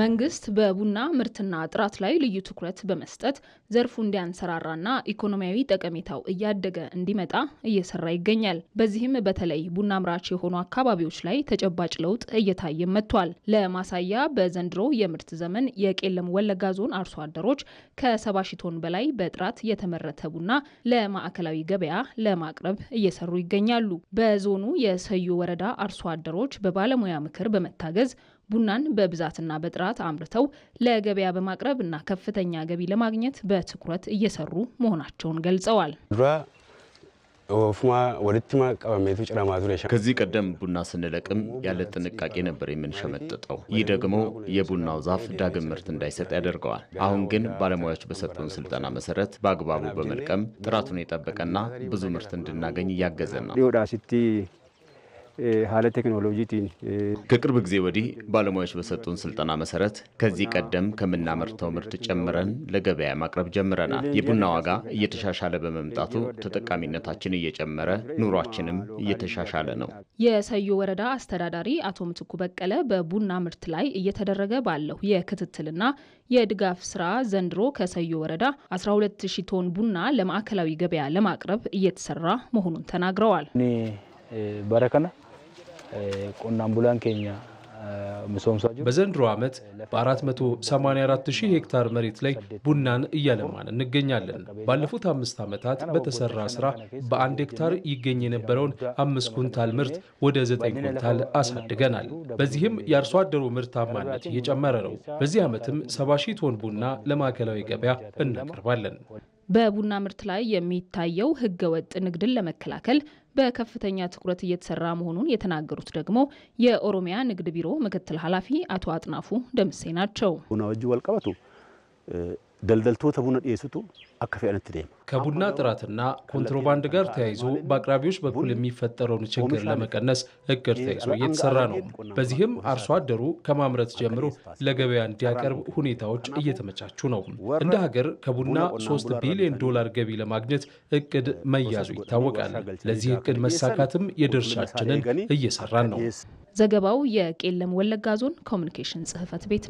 መንግስት በቡና ምርትና ጥራት ላይ ልዩ ትኩረት በመስጠት ዘርፉ እንዲያንሰራራና ኢኮኖሚያዊ ጠቀሜታው እያደገ እንዲመጣ እየሰራ ይገኛል። በዚህም በተለይ ቡና አምራች የሆኑ አካባቢዎች ላይ ተጨባጭ ለውጥ እየታየ መጥቷል። ለማሳያ በዘንድሮ የምርት ዘመን የቄለም ወለጋ ዞን አርሶ አደሮች ከሰባ ሺ ቶን በላይ በጥራት የተመረተ ቡና ለማዕከላዊ ገበያ ለማቅረብ እየሰሩ ይገኛሉ። በዞኑ የሰዩ ወረዳ አርሶ አደሮች በባለሙያ ምክር በመታገዝ ቡናን በብዛትና በጥራት አምርተው ለገበያ በማቅረብ እና ከፍተኛ ገቢ ለማግኘት በትኩረት እየሰሩ መሆናቸውን ገልጸዋል። ከዚህ ቀደም ቡና ስንለቅም ያለ ጥንቃቄ ነበር የምንሸመጥጠው። ይህ ደግሞ የቡናው ዛፍ ዳግም ምርት እንዳይሰጥ ያደርገዋል። አሁን ግን ባለሙያዎች በሰጡን ስልጠና መሰረት በአግባቡ በመልቀም ጥራቱን የጠበቀና ብዙ ምርት እንድናገኝ እያገዘ ነው። ሀለ ቴክኖሎጂቲን ከቅርብ ጊዜ ወዲህ ባለሙያዎች በሰጡን ስልጠና መሰረት ከዚህ ቀደም ከምናመርተው ምርት ጨምረን ለገበያ ማቅረብ ጀምረናል። የቡና ዋጋ እየተሻሻለ በመምጣቱ ተጠቃሚነታችን እየጨመረ ኑሯችንም እየተሻሻለ ነው። የሰዮ ወረዳ አስተዳዳሪ አቶ ምትኩ በቀለ በቡና ምርት ላይ እየተደረገ ባለው የክትትልና የድጋፍ ስራ ዘንድሮ ከሰዮ ወረዳ 120 ቶን ቡና ለማዕከላዊ ገበያ ለማቅረብ እየተሰራ መሆኑን ተናግረዋል። በረከና በዘንድሮ ዓመት በ484 ሺህ ሄክታር መሬት ላይ ቡናን እያለማን እንገኛለን። ባለፉት አምስት ዓመታት በተሰራ ስራ በአንድ ሄክታር ይገኝ የነበረውን አምስት ኩንታል ምርት ወደ ዘጠኝ ኩንታል አሳድገናል። በዚህም የአርሶ አደሩ ምርታማነት እየጨመረ ነው። በዚህ ዓመትም 70 ሺህ ቶን ቡና ለማዕከላዊ ገበያ እናቀርባለን። በቡና ምርት ላይ የሚታየው ህገወጥ ንግድን ለመከላከል በከፍተኛ ትኩረት እየተሰራ መሆኑን የተናገሩት ደግሞ የኦሮሚያ ንግድ ቢሮ ምክትል ኃላፊ አቶ አጥናፉ ደምሴ ናቸው። ቡና ወጅ ወልቀበቱ ደልደልቶተ ቡና ዲኤሱቱ አካ ከቡና ጥራትና ኮንትሮባንድ ጋር ተያይዞ በአቅራቢዎች በኩል የሚፈጠረውን ችግር ለመቀነስ እቅድ ተይዞ እየተሰራ ነው። በዚህም አርሶ አደሩ ከማምረት ጀምሮ ለገበያ እንዲያቀርብ ሁኔታዎች እየተመቻቹ ነው። እንደ ሀገር ከቡና 3 ቢሊዮን ዶላር ገቢ ለማግኘት እቅድ መያዙ ይታወቃል። ለዚህ እቅድ መሳካትም የድርሻችንን እየሰራን ነው። ዘገባው የቄለም ወለጋ ዞን ኮሚኒኬሽን ጽህፈት ቤት ነው።